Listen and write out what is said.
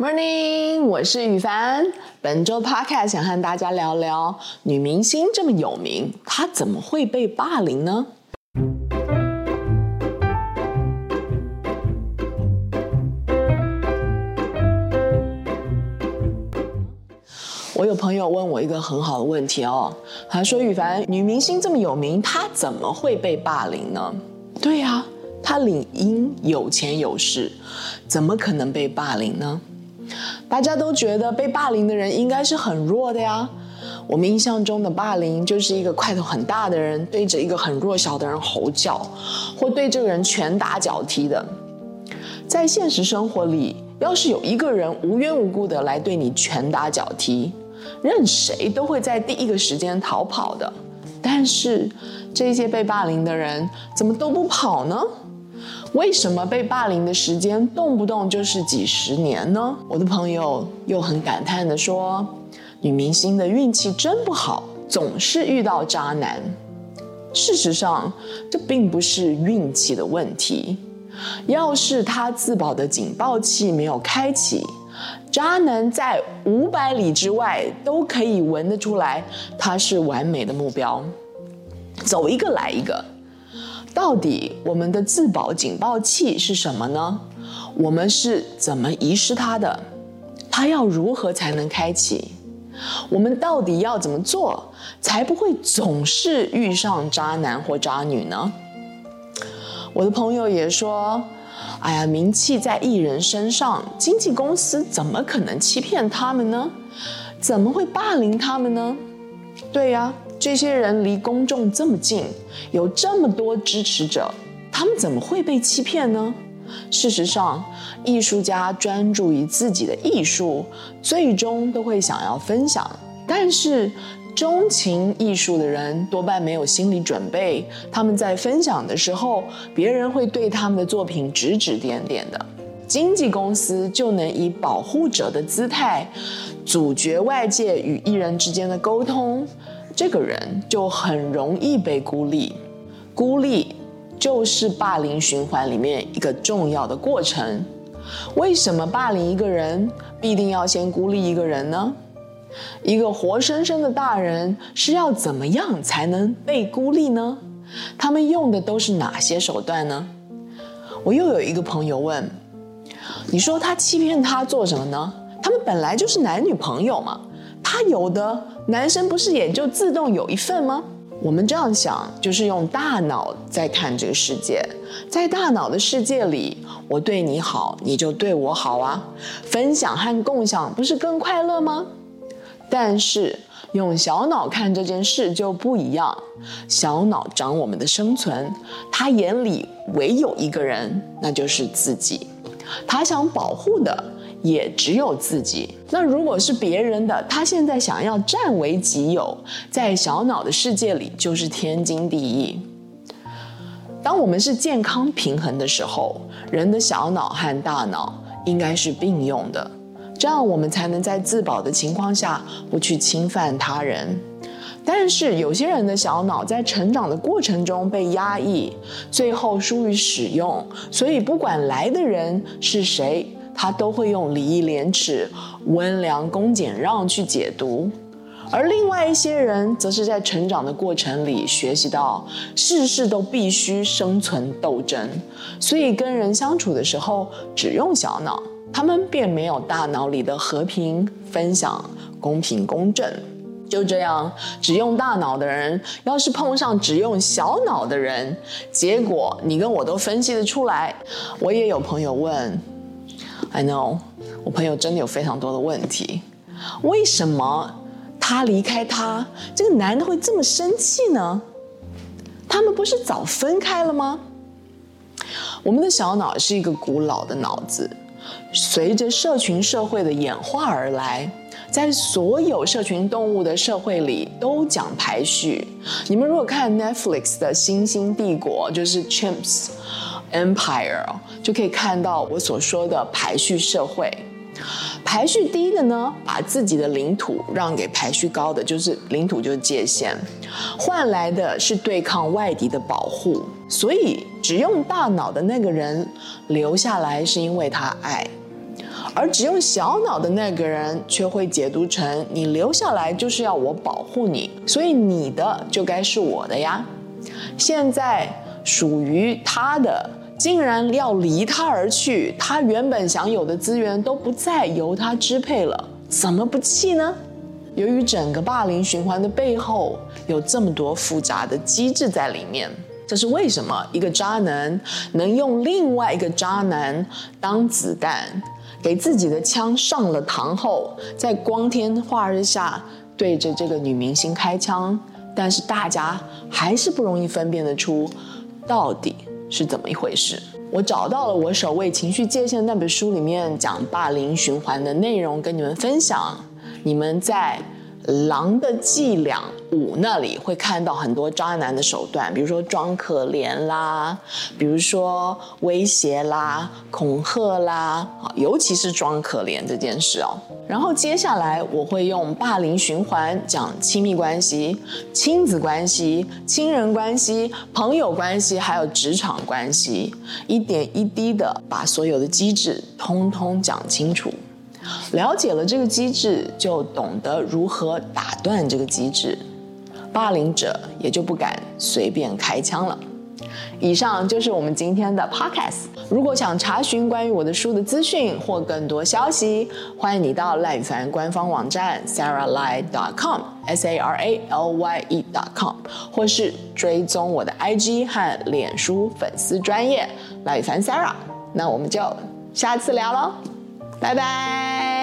Morning，我是宇凡。本周 podcast 想和大家聊聊女明星這麼有名，她怎麼會被霸凌呢？我有朋友問我一個很好的問題哦，還說宇凡，女明星這麼有名，她怎麼會被霸凌呢？對呀、啊，她理應有錢有勢，怎麼可能被霸凌呢？大家都覺得被霸凌的人應該是很弱的呀。我們印象中的霸凌，就是一個塊頭很大的人對着一個很弱小的人吼叫，或對這個人拳打腳踢的。在現實生活裡，要是有一個人無緣無故的來對你拳打腳踢，任誰都會在第一個時間逃跑的。但是這些被霸凌的人怎麼都不跑呢？為什麼被霸凌的時間動不動就是幾十年呢？我的朋友又很感嘆地說：“女明星的運氣真不好，總是遇到渣男。”事實上，這並不是運氣的問題。要是她自保的警報器沒有開啟，渣男在五百里之外都可以聞得出來，她是完美的目標。走一個來一個。到底我們的自保警報器是什麼呢？我們是怎麼遺失它的？它要如何才能開啟？我們到底要怎麼做，才不會總是遇上渣男或渣女呢？我的朋友也說：“哎呀，名氣在藝人身上，經紀公司怎麼可能欺騙他們呢？怎麼會霸凌他們呢？”對呀。這些人離公眾這麼近，有這麼多支持者，他們怎麼會被欺騙呢？事實上，藝術家專注於自己的藝術，最終都會想要分享。但是，鍾情藝術的人多半沒有心理準備，他們在分享的時候，別人會對他們的作品指指點點的。經紀公司就能以保護者的姿態，阻絕外界與藝人之間的溝通。這個人就很容易被孤立，孤立就是霸凌循環裡面一個重要的過程。為什麼霸凌一個人必定要先孤立一個人呢？一個活生生的大人是要怎麼樣才能被孤立呢？他們用的都是哪些手段呢？我又有一個朋友問：“你說他欺騙他做什麼呢？他們本來就是男女朋友嘛，他有的。”男生不是也就自動有一份嗎？我們這樣想，就是用大腦在看這個世界，在大腦的世界裡，我對你好，你就對我好啊。分享和共享不是更快樂嗎？但是用小腦看這件事就不一樣，小腦長我們的生存，他眼裡唯有一個人，那就是自己，他想保護的。也只有自己。那如果是別人的，他現在想要佔為己有，在小腦的世界裡就是天經地義。當我們是健康平衡的時候，人的小腦和大腦應該是並用的，這樣我們才能在自保的情況下不去侵犯他人。但是有些人的小腦在成長的過程中被壓抑，最後疏於使用，所以不管來的人是誰，他都會用禮義廉恥、溫良恭儉讓去解讀，而另外一些人則是在成長的過程裡學習到，事事都必須生存鬥爭，所以跟人相處的時候只用小腦，他們並沒有大腦裡的和平、分享、公平、公正。就這樣，只用大腦的人，要是碰上只用小腦的人，結果你跟我都分析得出來。我也有朋友問。I know，我朋友真的有非常多的問題。為什麼他離開他這個男的會這麼生氣呢？他們不是早分開了嗎？我們的小腦是一個古老的腦子，隨着社群社會的演化而來，在所有社群動物的社會裡都講排序。你們如果看 Netflix 的《猩猩帝國》，就是 Chimps。Empire 就可以看到我所說的排序社會，排序低的呢，把自己的領土讓給排序高的，就是領土就是界限，換來的是對抗外敵的保護。所以只用大腦的那個人留下來，是因為他愛；而只用小腦的那個人卻會解讀成你留下來就是要我保護你，所以你的就該是我的呀。現在，屬於他的竟然要離他而去，他原本享有的資源都不再由他支配了，怎麼不氣呢？由於整個霸凌循環的背後有這麼多複雜的機制在裡面，這是為什麼一個渣男能用另外一個渣男當子彈，給自己的槍上了膛後，在光天化日下對着這個女明星開槍，但是大家還是不容易分辨得出。到底是怎麼一回事？我找到了我守衛情緒界限的那本書，裡面講霸凌循環的內容，跟你們分享。你們在。《狼的伎倆》五那裡會看到很多渣男的手段，比如說裝可憐啦，比如說威脅啦、恐嚇啦，尤其是裝可憐這件事哦。然後接下來我會用霸凌循環講親密關係、親子關係、親人關係、朋友關係，還有職場關係，一點一滴的把所有的機制通通講清楚。了解了這個機制，就懂得如何打斷這個機制，霸凌者也就不敢隨便開槍了。以上就是我們今天的 podcast。如果想查詢關於我的書的資訊或更多消息，歡迎你到賴宇凡官方網站 saralye.com s a r a l y e dot com，或是追蹤我的 IG 和臉書粉絲專業賴宇凡 Sara。那我們就下次聊嘍。拜拜。